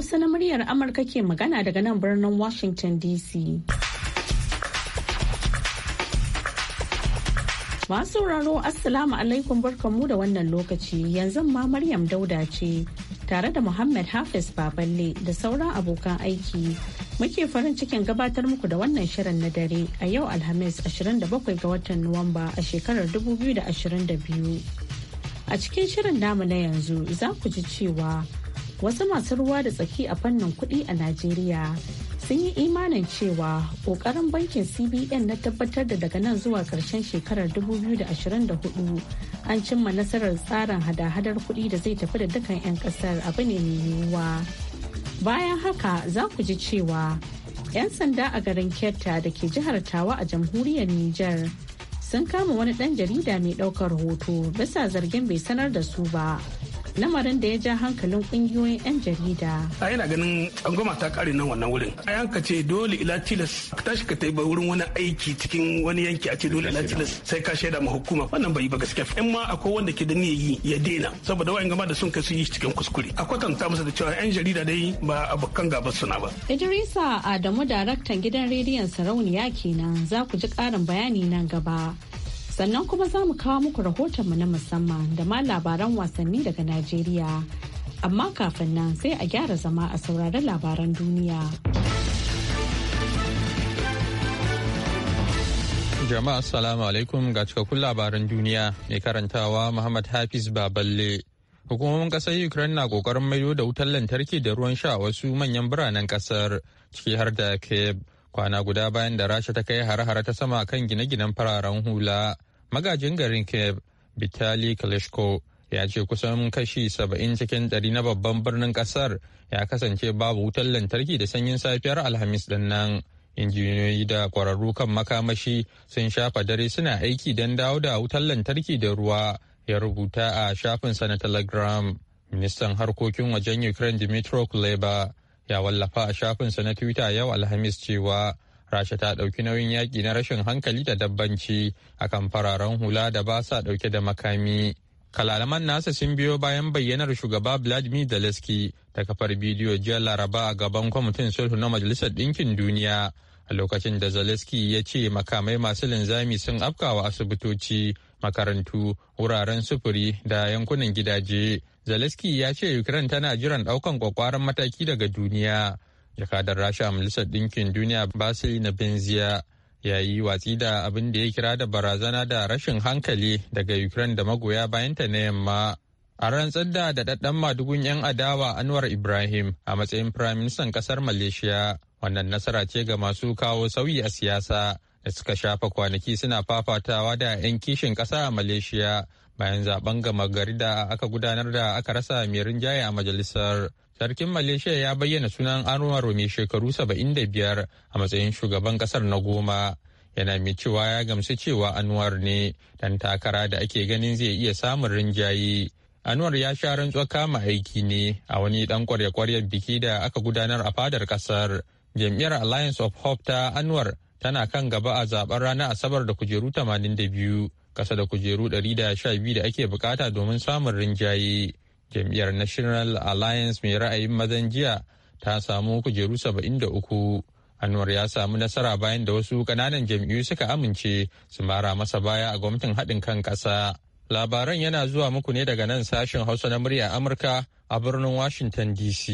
Hausa na muryar Amurka ke magana daga nan birnin Washington DC. Masu sauraro Assalamu alaikum barkanmu da wannan lokaci yanzu ma Maryam Dauda ce tare da Muhammad Hafiz Baballe da sauran abokan aiki. Muke farin cikin gabatar muku da wannan shirin na dare a yau Alhamis 27 ga watan Nuwamba a shekarar 2022. A cikin shirin namu na yanzu za ku ji cewa wasu masu ruwa da tsaki a fannin kudi a najeriya sun yi imanin cewa kokarin bankin cbn na tabbatar da daga nan zuwa karshen shekarar 2024 an cimma nasarar tsarin hada-hadar kudi da zai tafi da dukkan 'yan kasar abu ne mai yiwuwa bayan haka za ku ji cewa 'yan sanda a garin ketta da ke jihar tawa a jamhuriyar nijar sun kama wani ɗan jarida mai ɗaukar hoto bisa zargin bai sanar da su ba lamarin da ya ja hankalin kungiyoyin 'yan jarida. A yana ganin tsangwama ta kare nan wannan wurin. A yanka ce dole ila tilas ka tashi ka taiba wurin wani aiki cikin wani yanki a ce dole ila tilas sai ka shaida ma hukuma wannan bai yi ba gaskiya. In ma akwai wanda ke da yi ya daina saboda wa'in gama da sun kai su yi cikin kuskure. A kwatanta masa da cewa 'yan jarida dai ba abokan gaba suna ba. Idrisa Adamu daraktan gidan rediyon sarauniya kenan za ku ji karin bayani nan gaba. sannan kuma za mu kawo muku rahotonmu na musamman da ma labaran wasanni daga Najeriya. Amma kafin nan sai a gyara zama a saurari labaran duniya. Jama'a Assalamu alaikum ga cikakkun labaran duniya mai karantawa Muhammad Hafiz Baballe. Hukumomin ƙasar Ukraine na ƙoƙarin maido da wutar lantarki da ruwan sha wasu manyan biranen ƙasar ciki har da Kiev. kwana guda bayan da rasha ta kai hare-hare ta sama kan gine-ginen fararen hula magajin garin kiev vitali kalishko ya ce kusan kashi saba'in cikin ɗari na babban birnin ƙasar ya kasance babu wutar lantarki da sanyin safiyar alhamis din nan injiniyoyi da ƙwararru kan makamashi sun shafa dare suna aiki don dawo da wutar lantarki da ruwa ya rubuta a shafinsa na telegram ministan harkokin wajen ukraine dimitro kuleba ya wallafa a shafinsa na twitter yau alhamis cewa rasha ta ɗauki nauyin yaƙi na rashin hankali da dabbanci kan fararen hula da ba sa ɗauke da makami kalalaman nasa sun biyo bayan bayyanar shugaba vladimir zelensky ta kafar bidiyo jiya laraba a gaban kwamitin sulhu na majalisar ɗinkin duniya a lokacin da zelensky ya ce makamai masu linzami sun afkawa asibitoci makarantu wuraren sufuri da yankunan gidaje zelensky ya ce ukraine tana jiran ɗaukan kwakwaran mataki daga duniya jakadar rasha a majalisar ɗinkin duniya basili na benziya ya yi watsi da abin da ya kira da barazana da rashin hankali daga ukraine da magoya bayanta na yamma a rantsar da daɗaɗɗen madugun 'yan adawa anwar ibrahim a matsayin firaministan ƙasar malaysia wannan nasara ce ga masu kawo sauyi a siyasa da suka shafa kwanaki suna fafatawa da 'yan kishin ƙasa a malaysia bayan zaben gama gari da aka gudanar da aka rasa mai rinjaye a majalisar Sarkin Malaysia ya bayyana sunan Anwar mai shekaru 75 a matsayin shugaban kasar na goma. Yana mai cewa ya gamsu cewa Anwar ne dan takara da ake ganin zai iya samun rinjaye. Anwar ya sha rantsuwa kama aiki ne a wani dan kwarya-kwaryar biki da aka gudanar a fadar kasar. Jam'iyyar Alliance of Hope ta Anwar tana kan gaba a zaben ranar Asabar da kujeru 82, kasa da kujeru 112 da ake bukata domin samun rinjaye. jam'iyyar national alliance mai ra'ayin mazan jiya ta samu kujeru 73 anwar ya samu nasara bayan da wasu kananan jam'iyyu suka amince su mara masa baya a gwamnatin haɗin kan ƙasa labaran yana zuwa muku ne daga nan sashen hausa na murya amurka a birnin washington dc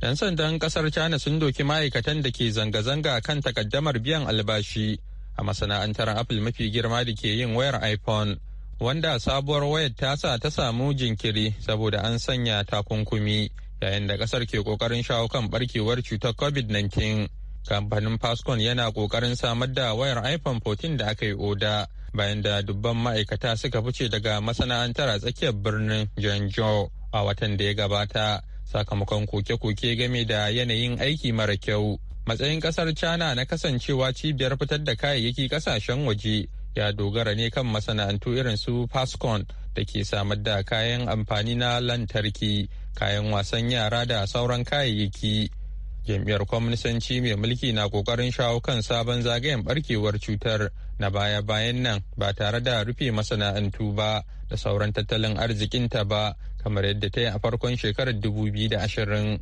'yan sandan ƙasar china sun doki ma'aikatan da ke zanga-zanga kan takaddamar biyan albashi a masana'antar apple mafi girma da ke yin wayar iphone wanda sabuwar wayar tasa ta samu jinkiri saboda an sanya takunkumi yayin da kasar ke kokarin shawo kan barkewar cutar covid-19 kamfanin fascon yana kokarin samar da wayar iphone 14 da aka yi oda bayan da dubban ma'aikata suka fice daga masana'antar a tsakiyar birnin janjo a watan da ya gabata sakamakon koke-koke game da yanayin aiki mara kyau matsayin kasar china na kasancewa cibiyar fitar da kayayyaki kasashen waje ya dogara ne kan masana'antu irin su Fascon da ke samar da kayan amfani na lantarki, kayan wasan yara da sauran kayayyaki. Jam'iyyar Kwamnisanci mai mulki na kokarin shawo kan sabon zagayen barkewar cutar na baya-bayan nan ba tare da rufe masana'antu ba da sauran tattalin arzikinta ba kamar yadda ta yi a farkon shekarar 2020.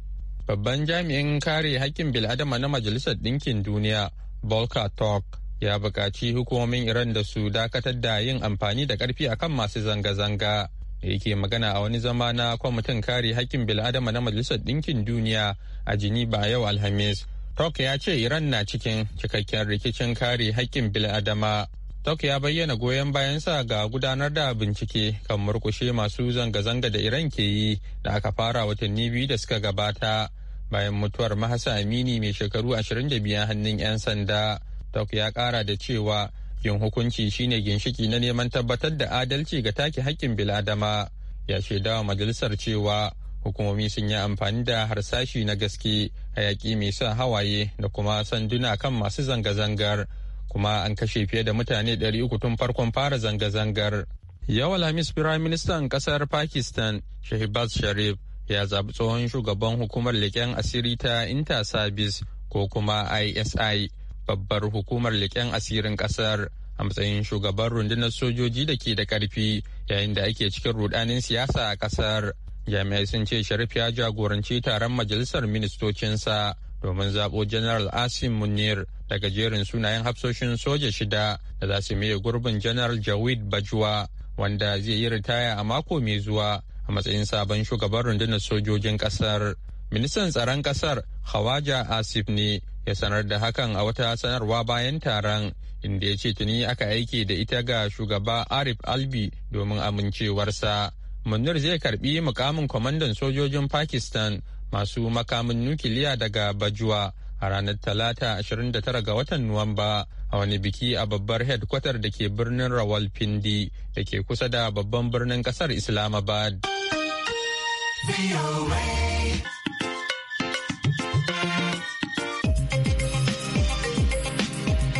Babban jami'in kare haƙƙin bil'adama na Majalisar Ɗinkin Duniya, Volker tok. ya bukaci hukumomin Iran da su dakatar da yin amfani da ƙarfi kan masu zanga-zanga. Da yake magana a wani zama na kwamitin kare hakkin bil'adama na Majalisar Ɗinkin Duniya a Geneva yau Alhamis. Tok ya ce Iran na cikin cikakken rikicin kare hakkin bil'adama. Tok ya bayyana goyon bayansa ga gudanar da bincike kan murkushe masu zanga-zanga da Iran ke yi da aka fara watanni biyu da suka gabata bayan mutuwar Mahasa Amini mai shekaru 25 hannun 'yan sanda. Tok ya kara da cewa yin hukunci shine ginshiki na neman tabbatar da adalci ga take hakkin biladama ya shaidawa majalisar cewa hukumomi sun yi amfani da harsashi na gaske hayaki mai sa hawaye da kuma sanduna kan masu zanga-zangar kuma an kashe fiye da mutane 300 tun farkon fara zanga-zangar yau lamis prime ministan kasar pakistan shahibaz sharif ya zaɓi tsohon shugaban hukumar leƙen asiri ta inter service ko kuma isi babbar hukumar leƙen asirin ƙasar a matsayin shugaban rundunar sojoji da ke da ƙarfi yayin da ake cikin rudanin siyasa a ƙasar jami'ai sun ce sharif ya jagoranci taron majalisar ministocinsa domin zaɓo general asim munir daga jerin sunayen hafsoshin soja shida da za su miye gurbin general jawid Bajuwa, wanda zai yi ritaya a mako mai zuwa a matsayin sabon shugaban rundunar sojojin ƙasar ministan tsaron ƙasar hawaja asif ne ya sanar da hakan a wata sanarwa bayan taron inda ya ce tuni aka aiki da ita ga shugaba arif albi domin amincewarsa munir zai karbi mukamin kwamandan sojojin pakistan masu makamin nukiliya daga bajuwa a ranar talata 29 ga watan nuwamba a wani biki a babbar headkwatar da ke birnin rawalpindi da ke kusa da babban birnin kasar islamabad.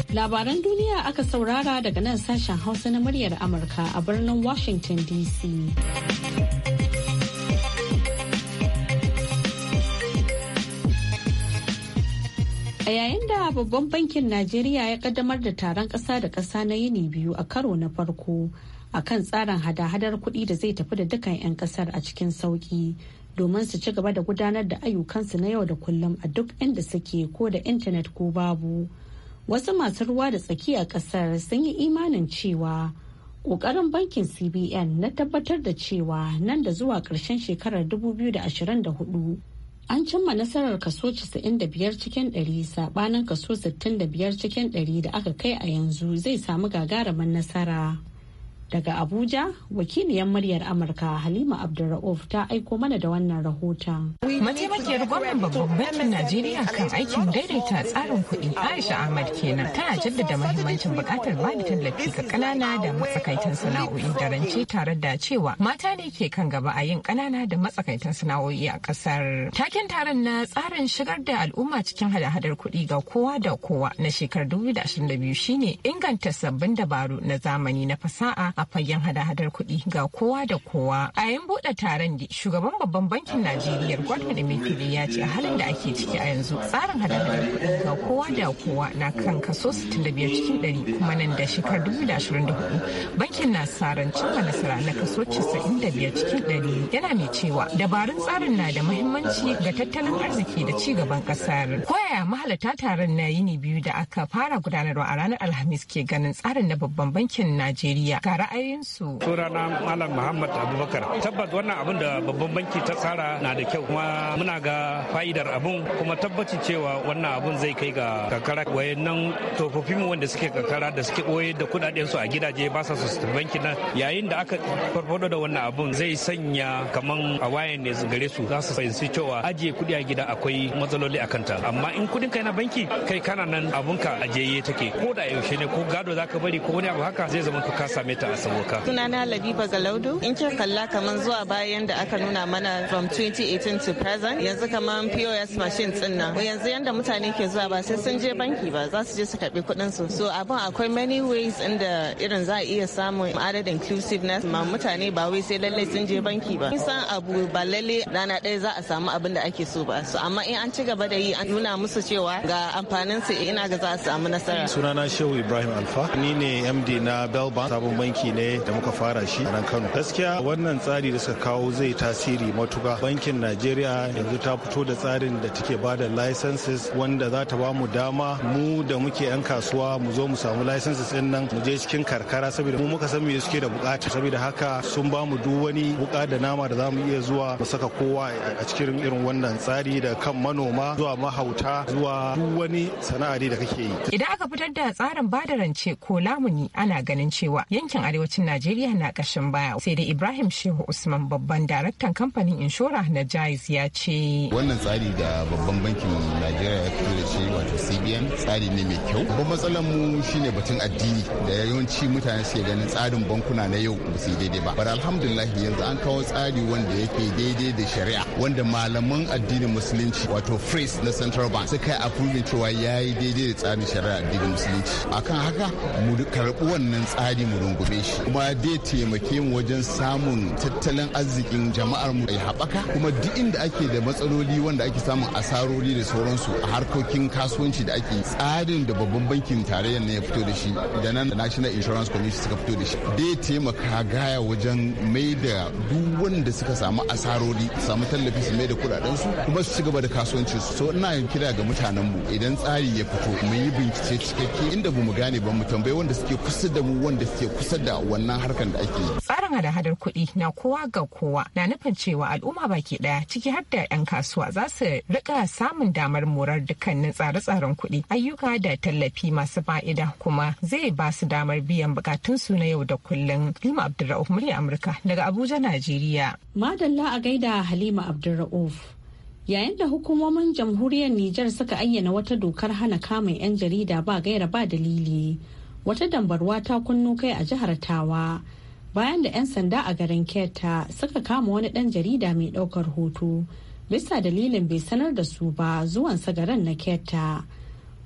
Labaran duniya aka saurara daga nan sashen Hausa na muryar Amurka a birnin Washington DC. A yayin da babban bankin Najeriya ya kaddamar da taron ƙasa da ƙasa na yini biyu a karo na farko a kan tsarin hada-hadar kudi da zai tafi da dukkan 'yan kasar a cikin sauki domin su ci gaba da gudanar da ayyukansu na yau da kullum a duk inda suke ko da intanet ko babu. wasu masu ruwa da tsakiya a kasar sun yi imanin cewa ƙoƙarin bankin cbn na tabbatar da cewa nan da zuwa ƙarshen shekarar 2024 an cimma nasarar kaso 95 cikin 100 sabanin kaso 65 cikin 100 da aka kai a yanzu zai samu gagarumin nasara Daga Abuja, wakiliyar muryar Amurka Halima Abdulra'uf ta aiko mana da wannan rahoton. Mataimakiyar gwamnan babban bankin Najeriya kan aikin daidaita tsarin kuɗi Aisha Ahmad kenan tana jaddada mahimmancin bukatar ba da tallafi ga ƙanana da matsakaitan sana'o'i da rance tare da cewa mata ne ke kan gaba a yin ƙanana da matsakaitan sana'o'i a ƙasar. Taken taron na tsarin shigar da al'umma cikin hada-hadar kuɗi ga kowa da kowa na shekarar 2022 shine inganta sabbin dabaru na zamani na fasaha a fagen hada-hadar kuɗi ga kowa da kowa. A yin buɗe taron da shugaban babban bankin Najeriya da Emefiele ya ce a halin da ake ciki a yanzu tsarin hada-hadar kuɗi ga kowa da kowa na kan kaso 65 cikin 100 kuma nan da shekarar 2024 bankin na saran cimma nasara na kaso 95 cikin 100 yana mai cewa dabarun tsarin na da muhimmanci ga tattalin arziki da ci gaban kasar. Koyaya mahalata taron na yini biyu da aka fara gudanarwa a ranar Alhamis ke ganin tsarin na babban bankin Najeriya gara ra'ayinsu. Sunana Malam Muhammad Abubakar. Tabbas wannan abin da babban banki ta tsara na da kyau kuma muna ga fa'idar abun kuma tabbaci cewa wannan abun zai kai ga kakara wayannan tsofaffin wanda suke kakara da suke boye da kudaden su a gidaje ba sa su banki nan yayin da aka farfado da wannan abun zai sanya kaman a wayan ne gare su za su fahimci cewa ajiye kudi a gida akwai matsaloli akan ta amma in kudin kai na banki kai kana nan abunka ajiyayye take ko da yaushe ne ko gado zaka bari ko wani abu haka zai zama ka same ta sauka. Sunana Labiba Galaudu, in kin kalla kaman zuwa bayan da aka nuna mana from 2018 to present yanzu kaman POS machine din nan. Yanzu yanda mutane ke zuwa ba sai sun je banki ba za su je su karbi kuɗin su. So abin akwai many ways inda irin za a iya samun added inclusiveness ma mutane ba wai sai lallai sun je banki ba. Kusan abu ba lalle rana ɗaya za a samu abin da ake so ba. So amma in an ci gaba da yi an nuna musu cewa ga amfanin su ina ga za a samu nasara. Sunana Shehu Ibrahim Alfa, ni ne MD na Belban sabon banki banki ne da muka fara shi a nan Kano. Gaskiya wannan tsari da suka kawo zai tasiri matuka. Bankin Najeriya yanzu ta fito da tsarin da take ba da licenses wanda za ta ba mu dama mu da muke 'yan kasuwa mu zo mu samu licenses din nan mu je cikin karkara saboda mu muka san me suke da bukata saboda haka sun ba mu duk wani buka da nama da za mu iya zuwa mu saka kowa a cikin irin wannan tsari da kan manoma zuwa mahauta zuwa duk wani sana'a da kake yi. Idan aka fitar da tsarin bada rance ko lamuni ana ganin cewa yankin arewa arewacin Najeriya na kashin baya. Sai dai Ibrahim Shehu Usman babban daraktan kamfanin inshora na Jais ya ce. Wannan tsari da babban bankin Najeriya ya fito da shi wato CBN tsari ne mai kyau. Babban matsalar mu shine batun addini da yawanci mutane suke ganin tsarin bankuna na yau ba su daidai ba. Bar alhamdulillah yanzu an kawo tsari wanda yake daidai da shari'a wanda malaman addinin musulunci wato Fris na central bank suka yi approving cewa ya yi daidai da tsarin shari'a addinin musulunci akan haka mu karɓi wannan tsari mu rungume shi kuma dai taimake mu wajen samun tattalin arzikin jama'ar mu ya haɓaka kuma duk inda ake da matsaloli wanda ake samun asarori da sauransu a harkokin kasuwanci da ake tsarin da babban bankin tarayyar ne ya fito da shi da nan national insurance commission suka fito da shi dai taimaka gaya wajen mai da duk wanda suka samu asarori samu tallafi su mai da kudaden su kuma su ci gaba da kasuwancin su so ina kira ga mutanen mu idan tsari ya fito mu yi bincike cikakke inda bamu gane ba mu tambayi wanda suke kusa da mu wanda suke kusa da wannan harkar da ake yi. Tsarin hada-hadar kuɗi na kowa ga kowa na nufin cewa al'umma baki ɗaya ciki har da 'yan kasuwa za su rika samun damar morar dukkanin tsare-tsaren kuɗi ayyuka da tallafi masu fa'ida kuma zai ba su damar biyan bukatunsu na yau da kullum. Halima Abdulra'uf murya Amurka daga Abuja, Najeriya. Madalla a gaida Halima Abdulra'uf. yayin da hukumomin jamhuriyar Nijar suka ayyana wata dokar hana kamun 'yan jarida ba gaira ba dalili wata dambarwa ta kunnu kai a jihar tawa bayan da 'yan sanda a garin keta suka kama wani ɗan jarida mai ɗaukar hoto bisa dalilin bai sanar da su ba zuwansa garin na keta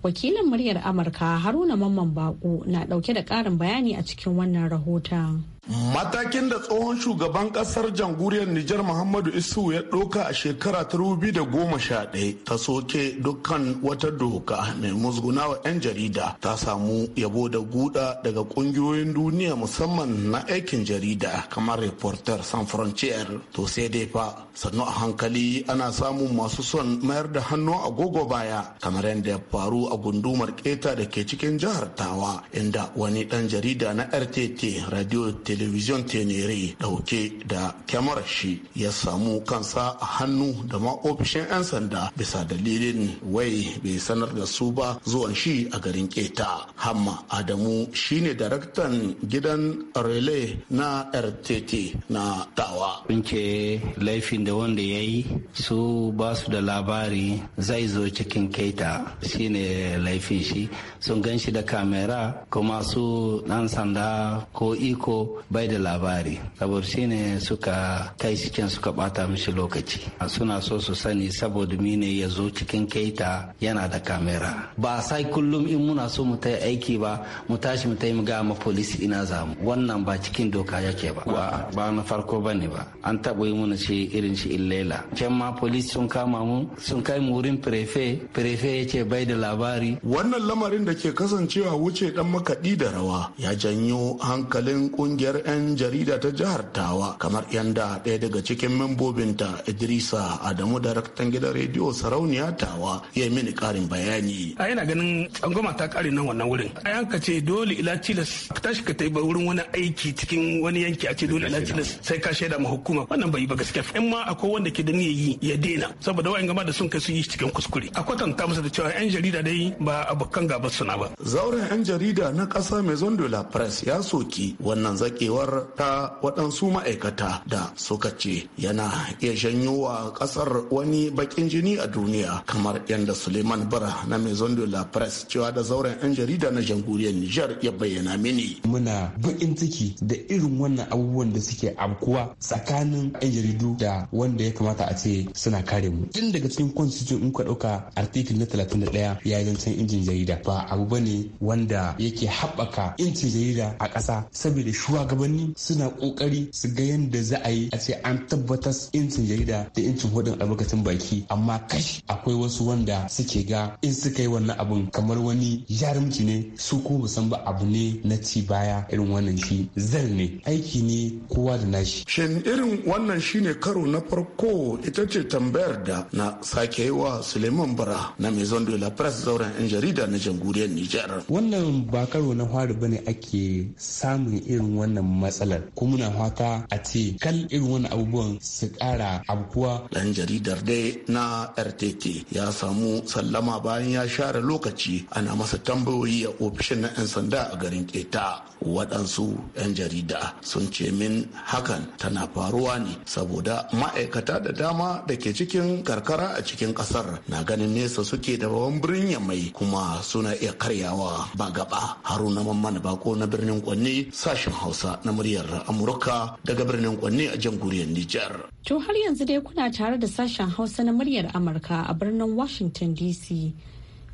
wakilin muryar amurka haruna mamman bako na ɗauke da ƙarin bayani a cikin wannan rahoton Matakin da tsohon shugaban kasar jamhuriyar Nijar Muhammadu Isu ya ɗauka a shekara ta da goma sha ɗaya ta soke dukkan wata doka mai musgunawa 'yan jarida ta samu yabo da guda daga ƙungiyoyin duniya musamman na aikin jarida kamar Reporter San Frontier. To sai dai fa sannu a hankali ana samun masu son mayar da hannu agogo baya kamar yadda ya faru a gundumar keta da ke cikin jihar Tawa inda wani ɗan jarida na RTT Radio telebijin tenere dauke da kyamarar shi ya samu kansa a hannu da ma ofishin 'yan sanda bisa dalilin wai bai sanar da su ba zuwan shi a garin keta hamma adamu shine daraktan gidan relay na rtt na tawa Binke laifin da wanda ya yi su ba su da labari zai zo cikin keta shine laifin shi sun gan shi da kamera kuma su dan sanda ko iko bai da labari saboda ne suka kai cikin suka bata mishi lokaci suna so su sani saboda mine ya zo cikin keita yana da kamera ba sai kullum in muna so mu ta aiki ba mu tashi mu ta yi ga ma polisi ina zamu wannan ba cikin doka yake ba ba na farko bane ba an taɓa yi muna shi irin shi illela can ma polisi sun kama mu sun kai mu wurin prefe prefe ya ce bai da labari wannan lamarin da ke kasancewa wuce dan makaɗi da rawa ya janyo hankalin ƙungiyar. kungiyar 'yan jarida ta jihar Tawa kamar yanda ɗaya daga cikin membobinta Idrisa Adamu daraktan gidan rediyo Sarauniya Tawa ya yi mini ƙarin bayani. A yana ganin tsangwama ta ƙare nan wannan wurin. A yanka ce dole ila tilas ka tashi ka taiba wurin wani aiki cikin wani yanki a ce dole ila tilas sai ka shaida ma hukuma wannan bai yi ba gaskiya. In ma akwai wanda ke da niyyi ya daina saboda wa'in gama da sun kai su yi cikin kuskure. A kwatanta musu da cewa 'yan jarida dai ba abokan gaba suna ba. Zauren 'yan jarida na kasa mai zondola Press ya soki wannan zaki dakewar ta waɗansu ma'aikata da suka ce yana iya janyo wa ƙasar wani bakin jini a duniya kamar yadda suleiman bara na maison de la presse cewa da zauren 'yan jarida na jamhuriyar nijar ya bayyana mini muna bakin ciki da irin wannan abubuwan da suke abkuwa tsakanin 'yan jaridu da wanda ya kamata a ce suna kare mu tun daga cikin constitution in ka ɗauka article na 31 ya yi zancen injin jarida ba abu bane wanda yake haɓaka injin jarida a ƙasa saboda shuwa shugabanni suna kokari su ga yadda za a yi a ce an tabbatar sun jarida da incin hudun albarkacin baki amma kashi akwai wasu wanda suke ga in suka yi wannan abun kamar wani jarumci ne su ko san ba abu ne na ci baya irin wannan shi zan ne aiki ne kowa da nashi shin irin wannan shine karo na farko ita ce tambayar da na sake yi wa suleiman bara na maison de la presse zauren yan jarida na jamhuriyar nijar wannan ba karo na fari bane ake samun irin wannan wannan matsalar ko muna fata a ce kal irin wani abubuwan su kara abubuwa. dan jaridar dai na rtt ya samu sallama bayan ya share lokaci ana masa tambayoyi a ofishin na 'yan sanda a garin keta waɗansu 'yan jarida sun ce min hakan tana faruwa ne saboda ma'aikata da dama da ke cikin karkara a cikin ƙasar na ganin nesa suke da babban birnin mai kuma suna iya karyawa ba gaba haruna mamman bako na birnin kwanne sashen hausa na muryar amurka daga birnin kwanne a jamhuriyar nijar to har yanzu dai kuna tare da sashen hausa na muryar amurka a birnin washington dc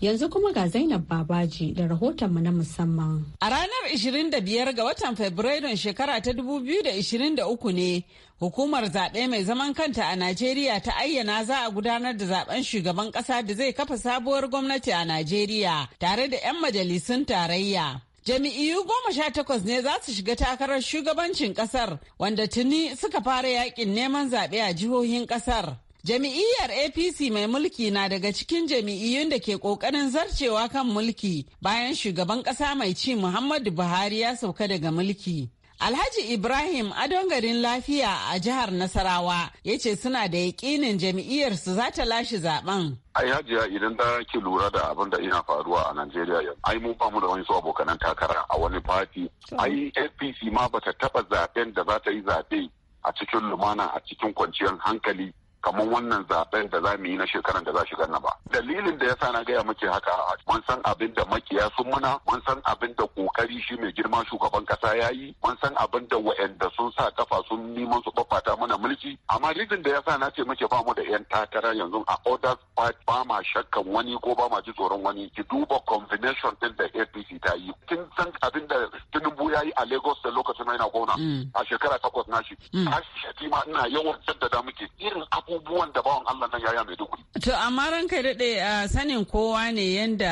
Yanzu kuma ga Zainab Babaji da rahoton mu na musamman. A ranar 25 ga watan Fabrairun shekara ta 2023 ne hukumar zaɓe mai zaman kanta a Najeriya ta ayyana za a gudanar da zaben shugaban ƙasa da zai kafa sabuwar gwamnati a Najeriya tare da 'yan majalisun tarayya. Jami'iyu goma sha takwas ne za su shiga takarar shugabancin ƙasar wanda tuni suka fara yakin neman zaɓe a jihohin ƙasar. Jami'iyyar APC mai mulki na daga cikin jami'iyyun da ke kokarin zarcewa kan mulki bayan shugaban ƙasa mai ci Muhammadu Buhari ya sauka daga mulki. Alhaji Ibrahim adon garin lafiya a jihar Nasarawa ya ce suna da yakinin jam'iyyar su za ta lashe zaben. Ai hajiya idan da ke lura da abin da ina faruwa a Najeriya yanzu. Ai mu bamu da wani su abokanan takara a wani fati. Ai APC ma bata taba zaben da za ta yi zabe a cikin lumana a cikin kwanciyar hankali kamar wannan zaben da za mu yi na shekaran da za shi na ba dalilin da yasa na gaya muke haka mun san abin da makiya sun muna mun san abin da kokari shi mai girma shugaban kasa ya yi mun san abin da wa'anda sun sa kafa sun neman su babbata mana mulki amma ridin da yasa na ce muke ba mu da yan takara yanzu a orders part ba ma shakkan wani ko ba ma ji tsoron wani ki duba combination din da APC ta yi kin san abin da Tinubu ya yi a Lagos da lokacin yana gona mm. a shekara takwas shi mm. har shi ma ina yawan da muke irin abubuwan da bawan Allah nan yaya Maiduguri. To amma ranka daɗe a sanin kowa ne yanda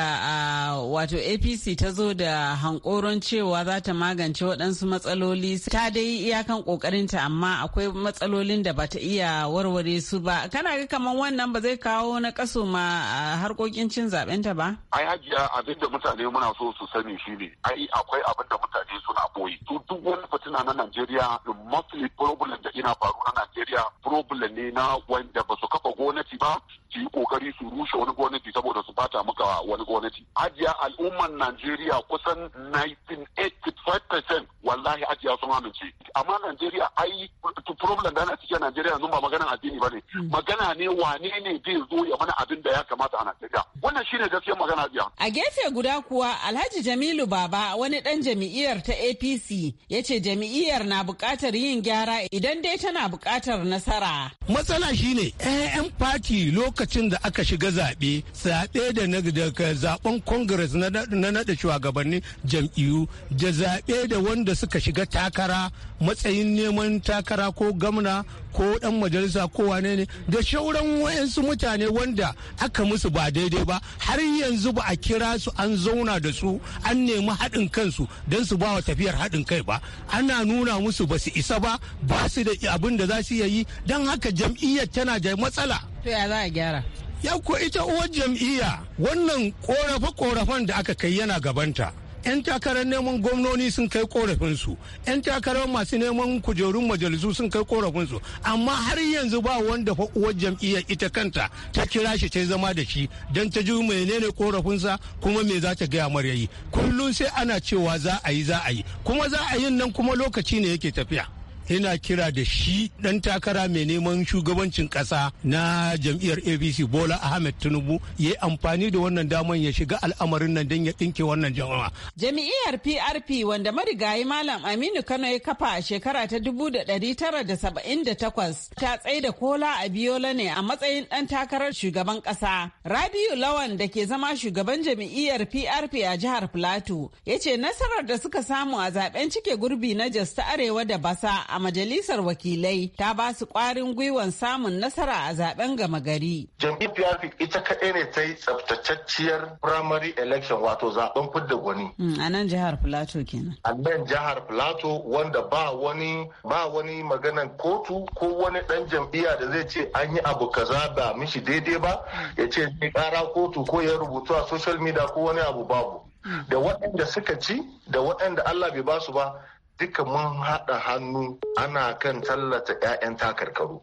wato APC ta zo da hankoron cewa za ta magance waɗansu matsaloli ta dai iyakan ƙoƙarinta amma akwai matsalolin da ba ta iya warware su ba. Kana ga kamar wannan ba zai kawo na kaso ma harkokin cin zaben ta ba? Ai hajiya abin da mutane muna so su sani ne. ai akwai abin da mutane suna boye. To duk wani fitina na Najeriya mostly problem da ina faru na Najeriya problem ne na wanda ba su kafa gwamnati ba su yi kokari su rushe wani gwamnati saboda su bata maka wani gwamnati ajiya al'umman najeriya kusan 1985% wallahi ajiya sun amince amma najeriya ai problem da ana cikin najeriya yanzu ba maganar addini ba ne hmm. magana ne wane ne zai zo ya mana abin da ya kamata a najeriya wannan shine gaskiya magana biya a gefe guda kuwa alhaji jamilu baba wani dan jami'iyar ta apc ya ce jami'iyar na bukatar yin gyara idan dai tana bukatar nasara matsala shine 'ya'yan fati lokacin da aka shiga zaɓe zaɓe da na daga zaɓen congress na naɗa shugabanni jam'iyyu da zaɓe da wanda suka shiga takara matsayin neman takara ko gamna ko ɗan majalisa ko wane ne da shauran wayansu mutane wanda aka musu ba daidai ba har yanzu ba a kira su an zauna da su an nemi haɗin kansu don su ba wa tafiyar haɗin kai ba ana nuna musu ba su isa ba ba su da abin da za su iya yi don haka jam'iyyar tana da matsala to ya za a gyara ya ko ita uwar jam'iyya wannan korafe-korafen da aka kai yana gabanta 'yan takarar neman gwamnoni sun kai korafinsu 'yan takarar masu neman kujerun majalisu sun kai korafinsu amma har yanzu ba wanda fa uwar jam'iyyar ita kanta ta kira shi ta zama da shi don ta ji menene korafinsa kuma me za ta gaya mar yayi kullum sai ana cewa za a yi za a yi kuma za a yin nan kuma lokaci ne yake tafiya yana kira da shi dan takara mai neman shugabancin kasa na jam'iyyar apc bola ahmed tinubu ya yi amfani da wannan daman ya shiga al'amarin nan don ya ɗinke wannan jama'a jami'iyyar prp wanda marigayi malam aminu kano ya kafa a shekara ta da 1978 ta da kola a biyola ne a matsayin dan takarar shugaban kasa rabiu lawan da ke zama shugaban jami'iyyar prp a jihar plateau ya ce nasarar da suka samu a zaben cike gurbi na jos ta arewa da basa a majalisar wakilai ta ba su kwarin gwiwan samun nasara a zaben gama gari. Jam'iyyar PRP ita kaɗai ne ta yi tsaftatacciyar primary election wato zaben fidda gwani. Hmm, a nan jihar Filato kenan. A nan jihar Filato wanda ba wani ba wani maganan kotu ko wani ɗan jam'iyya da zai ce an yi abu kaza ba mishi daidai ba ya ce ƙara kotu ko ya rubutu a social media ko wani abu babu. Hmm. Da waɗanda suka ci da waɗanda Allah bai basu ba duka mun haɗa hannu ana kan tallata 'ya'yan takarkaru.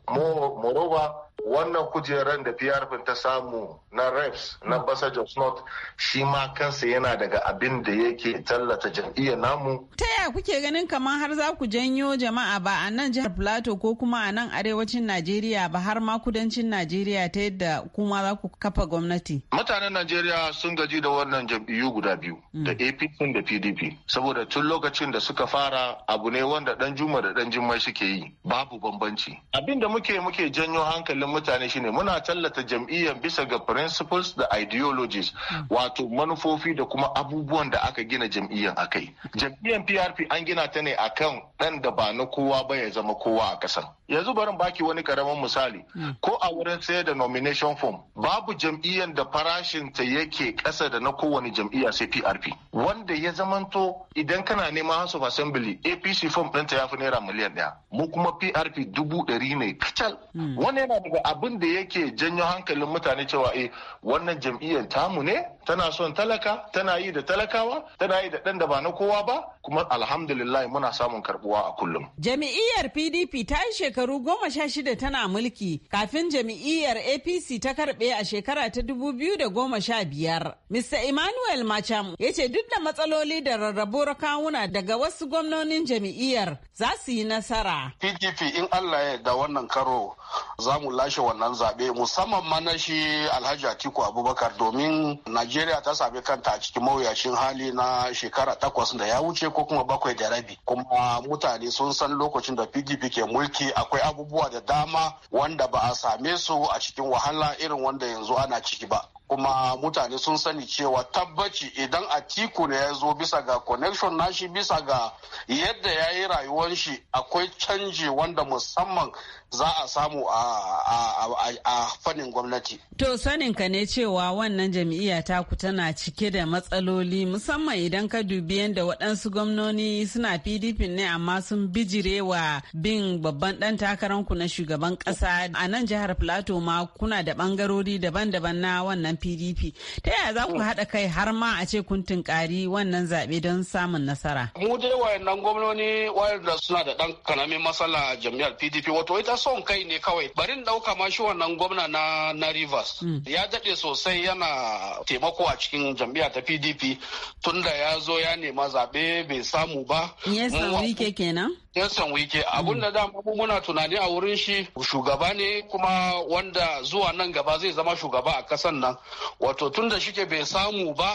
Moroba wannan kujeran da PRP ta samu na reps na mm. basa jos north shi ma kansa yana daga abin da yake tallata jam'iyyar namu ta yaya kuke ganin kamar har za ku janyo jama'a ba a nan jihar plateau ko kuma a nan arewacin najeriya ba har ma kudancin najeriya ta yadda kuma za ku kafa gwamnati mutanen najeriya sun gaji da wannan jam'iyyu guda biyu da mm. apc da pdp saboda tun lokacin da suka fara abu ne wanda dan juma da dan jimmai suke yi babu bambanci abin da muke muke janyo hankali. hankalin mutane shine muna tallata jam'iyyar bisa ga principles da ideologies wato manufofi da kuma abubuwan da aka gina jam'iyyar akai jam'iyyar PRP an gina ta ne a kan dan da ba na kowa ba ya zama kowa a kasar yanzu barin baki wani karamin misali hmm. ko a wurin sayar da nomination form babu jam'iyyar da farashin ta yake kasa da na kowane jam'iyya sai PRP wanda ya zamanto idan kana neman House of Assembly APC form ɗinta ya fi naira miliyan ɗaya mu kuma PRP dubu ɗari ne kacal hmm. wani yana abin da yake janyo hankalin mutane cewa eh wannan jam'iyyar tamu ne tana son talaka tana yi da talakawa tana yi da ɗan da ba na kowa ba kuma alhamdulillah muna samun karbuwa a kullum. Jami'iyyar PDP ta yi shekaru goma sha shida tana mulki kafin jami'iyyar APC ta karbe a shekara ta dubu biyu da goma sha biyar. Mr. Emmanuel Macham ya ce duk da matsaloli da rarrabuwar kawuna daga wasu gwamnonin jami'iyyar za su yi nasara. PDP in Allah ya da wannan karo za mu lashe wannan zaɓe musamman ma na shi Alhaji Atiku Abubakar domin Najeriya Najeriya ta sami kanta a cikin mawuyacin hali na shekara takwas da ya wuce ko kuma bakwai da rabi. Kuma mutane sun san lokacin da PDP ke mulki akwai abubuwa da dama wanda ba a same su a cikin wahala irin wanda yanzu ana ciki ba. kuma mutane sun sani cewa tabbaci idan atiku ne ya zo bisa ga connection nashi bisa ga yadda ya yi rayuwar shi akwai canji wanda musamman za a samu a fannin gwamnati. To sanin ka ne cewa wannan jam'iyya ku tana cike da matsaloli musamman idan ka dubi yadda waɗansu gwamnoni suna PDP ne amma sun bijire wa bin babban ɗan takararku na shugaban ƙasa a nan jihar Plateau ma kuna da ɓangarori daban-daban na wannan 'yan pdp ta yaya za ku hmm. haɗa kai har ma a ce kun tunkari wannan zaɓe don samun nasara mu dai wayannan gwamnoni wayanda suna da ɗan karamin matsala a jam'iyyar pdp wato ita son kai ne kawai barin ɗauka ma shi wannan gwamna na na rivers hmm. ya daɗe sosai yana taimako a cikin jam'iyyar ta pdp tunda ya zo ya nema zaɓe bai samu ba ya sauri kenan yansan Wike abun da dama muna tunani a wurin shi shugaba ne kuma wanda zuwa nan gaba zai zama shugaba a kasan nan wato tun da shike bai samu ba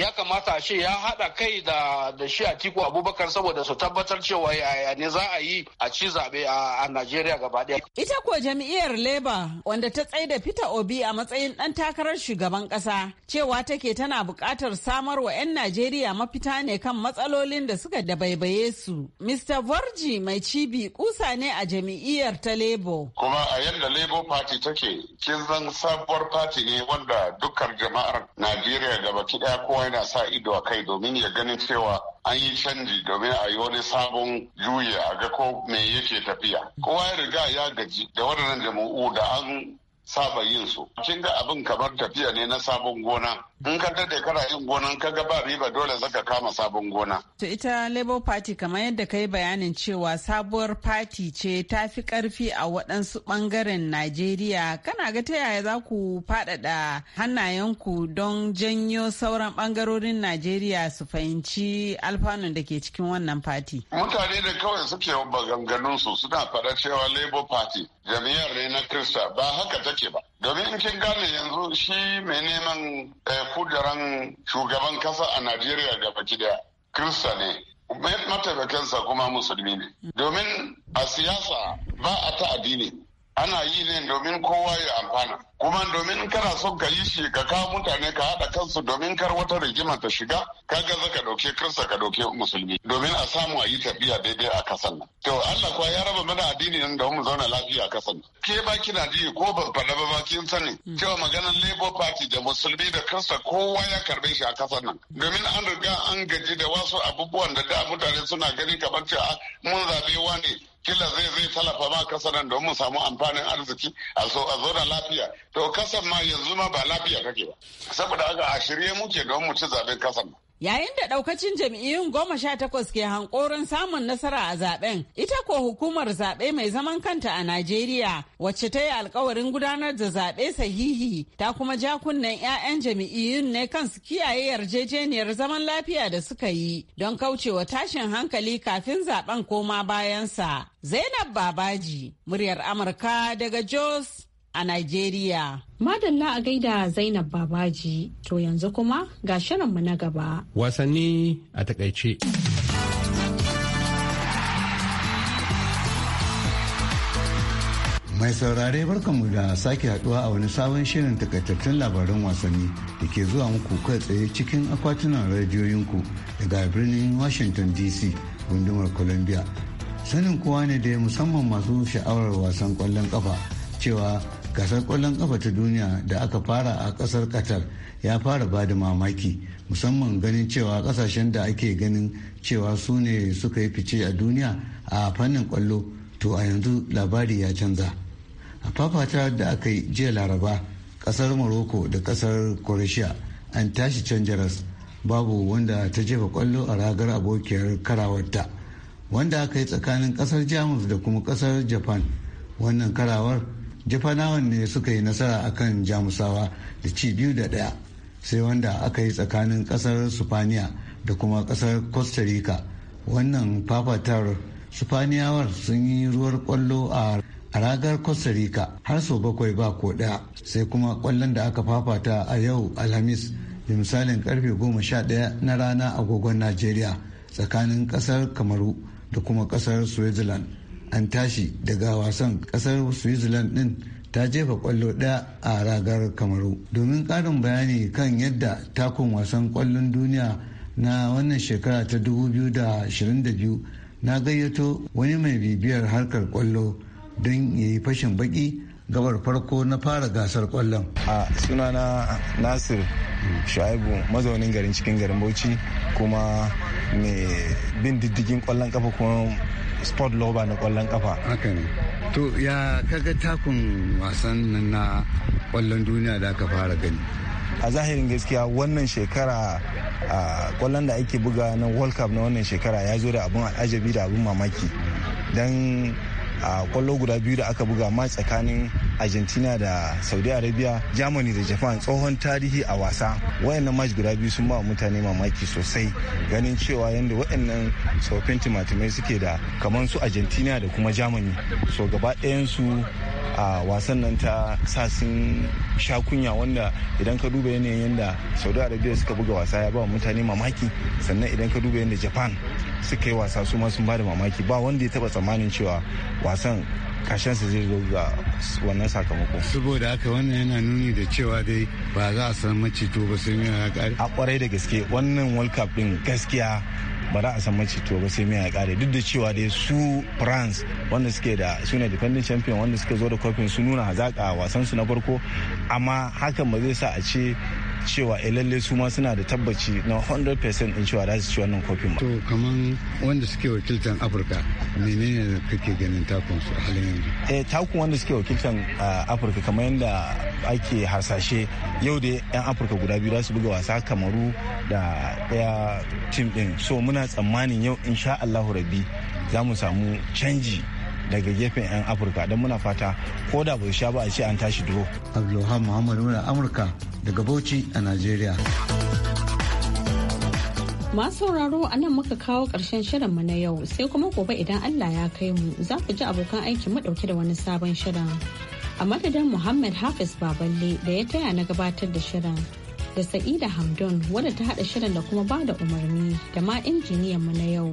ya kamata a ce ya haɗa kai da da shi a tiku abubakar saboda su tabbatar cewa yaya ne za a yi a ci zabe a Najeriya gaba daya. Ita ko jam'iyyar Labour wanda ta tsaida Peter Obi a matsayin dan takarar shugaban kasa cewa take tana buƙatar samar wa 'yan Najeriya mafita ne kan matsalolin da suka dabaibaye su. Mr. Namiji mai cibi kusa ne a jami'iyyar ta Labour. Kuma a yadda Labour Party take, kin zan sabuwar party ne wanda dukkan jama'ar Najeriya baki daya kowa yana sa ido a kai domin ya ganin cewa an yi canji domin a yi wani sabon juya a ga ko me yake tafiya. Kowa ya riga ya gaji da waɗannan jama'u da an saba yin su. Kin ga abin kamar tafiya ne na sabon gona. in ka da kana yin gonan ka ga ba riba dole zaka kama sabon gona to ita labour party kamar yadda ka yi bayanin cewa sabuwar party ce ta fi karfi a waɗansu ɓangaren najeriya kana ga ta yaya za ku faɗaɗa hannayenku don janyo sauran ɓangarorin najeriya su fahimci alfanun da ke cikin wannan party mutane da kawai suke maganganunsu suna faɗa cewa labour party jam'iyyar ne na krista ba haka take ba domin in kin gane yanzu shi mai neman eh, kudaran shugaban kasa a najeriya gaba da kirista ne mataimakinsa kuma musulmi ne domin a siyasa ba a ta addini ana yi ne domin kowa ya amfana kuma domin kana son ka yi shi ka kawo mutane ka haɗa kansu domin kar wata rigima ta shiga ka gaza ka ɗauke kirsa ka ɗauke musulmi domin a samu a yi tafiya daidai a kasan nan to Allah kuwa ya raba mana addini da mu zauna lafiya a kasan nan ke ba kina ji ko ban faɗa ba ba kin sani hmm. cewa maganar Labour Party da musulmi da kirsa kowa ya karbe shi a kasan nan hmm. domin an riga an gaji da wasu abubuwan da da mutane suna gani kamar cewa ah, mun zabe wani kila zai zai tallafa ma kasa nan don mu samu amfanin arziki a zauna a zo lafiya to kasan ma yanzu ma ba lafiya kake ba saboda haka a shirye muke domin mu ci zaben kasan Yayin da daukacin jam'iyyun goma sha takwas ke hankorin samun nasara a zaben, ita ko hukumar zaɓe mai zaman kanta a Najeriya wacce ta yi alkawarin gudanar da zaɓe sahihi ta kuma ja kunnen 'ya'yan jam'iyyun ne kan su kiyaye yarjejeniyar zaman lafiya da suka yi don kaucewa tashin hankali kafin zaben koma bayansa. Zainab Babaji, muryar Amurka daga Jos a Najeriya. Madalla a gaida Zainab Babaji, to yanzu kuma ga shirinmu na gaba. Wasanni a takaice. Mai saurare barkanmu da sake haɗuwa a wani sabon shirin takaitattun labaran wasanni da ke zuwa muku kai tsaye cikin akwatunan rediyoyinku daga birnin Washington DC, gundumar Columbia. Sanin kowa ne da musamman masu sha'awar wasan kwallon kafa. cewa gasar kwallon kafa ta duniya da aka fara a kasar qatar ya fara ba da mamaki musamman ganin cewa kasashen da ake ganin cewa su ne suka yi fice a duniya a fannin kwallo to a yanzu labari ya canza a fafata da aka yi jiya laraba kasar morocco da kasar croatia an tashi can babu wanda ta jefa kwallo a ragar abokiyar karawarta wanda aka yi tsakanin kasar jamus da kuma kasar japan wannan karawar japanawan ne suka yi nasara akan jamusawa da ci biyu da daya sai wanda aka yi tsakanin kasar sufaniya da kuma kasar costa rica wannan fafatar sufaniyawar sun yi ruwar kwallo a ragar costa rica har sau bakwai ba ko daya sai kuma kwallon da aka fafata a yau alhamis da misalin karfe goma sha ɗaya na rana agogon najeriya tsakanin kasar kamaru da kuma kasar switzerland an tashi daga wasan kasar switzerland din ta jefa kwallo ɗaya a ragar kamaru domin ƙarin bayani kan yadda takun wasan kwallon duniya na wannan shekara ta 2022 na gayyato wani mai bibiyar harkar kwallo don ya yi fashin baki gabar farko na fara gasar kwallon. a sunana nasir shu'aibu mazaunin garin cikin garin bauchi kuma mai bin diddigin kwallon kafa kuma sport lover na kwallon kafa haka ne to ya kaga takun wasan nan na kwallon duniya da aka fara gani a zahirin gaskiya wannan shekara kwallon da ake buga na world cup na wannan shekara ya zo da abin al'ajabi da abin mamaki don kwallo guda biyu da aka buga ma tsakanin argentina da saudi arabia germany da japan tsohon tarihi a wasa wayannan match guda biyu sun ba mutane mamaki sosai ganin cewa yadda wayannan tsofin timatimai suke da kamar su argentina da kuma germany so gaba ɗayan su a wasan nan ta sa sasin shakunya wanda idan ka duba yanayin yadda saudi arabia suka buga wasa ya ba mutane mamaki sannan idan ka duba yadda japan suka yi wasa su ma sun ba da mamaki ba wanda ya taba tsammanin cewa wasan su zai zo ga wannan sakamako. saboda haka wannan yana nuni da cewa dai ba za a san macito ba sun a kare a kwarai da gaske wannan world cup din gaskiya ba za a san mace to ba sai miya ya kare duk da cewa dai su france wanda suke da su ne defending champion wanda suke zo da kofin su nuna hazaka wasan su na farko amma hakan ba zai sa a ce cewa a eh, lalle su ma suna da tabbaci na 100% din cewa za su ci wannan kofin ba. To kaman wanda suke wakiltan Afirka menene kake ganin takun su halin yanzu? Eh takun wanda suke wakiltan ah, Afirka kamar yadda ake hasashe yau da 'yan Afirka guda biyu za su buga wasa kamaru da ɗaya tim din. So muna tsammanin yau insha Allahu Rabbi za mu samu canji daga gefen 'yan afirka don muna fata ko da bai sha ba a ce an tashi duro Abdullahi Muhammadu muna amurka daga bauchi a nigeria masu sauraro a nan muka kawo ƙarshen mu na yau sai kuma gobe idan allah ya kai mu za ku ji abokan aikin mu ɗauke da wani sabon shirin a madadin muhammad hafiz baballe da ya taya na gabatar da shirin da sa'ida hamdun wadda ta haɗa shirin da kuma ba da umarni da ma injiniyan mu na yau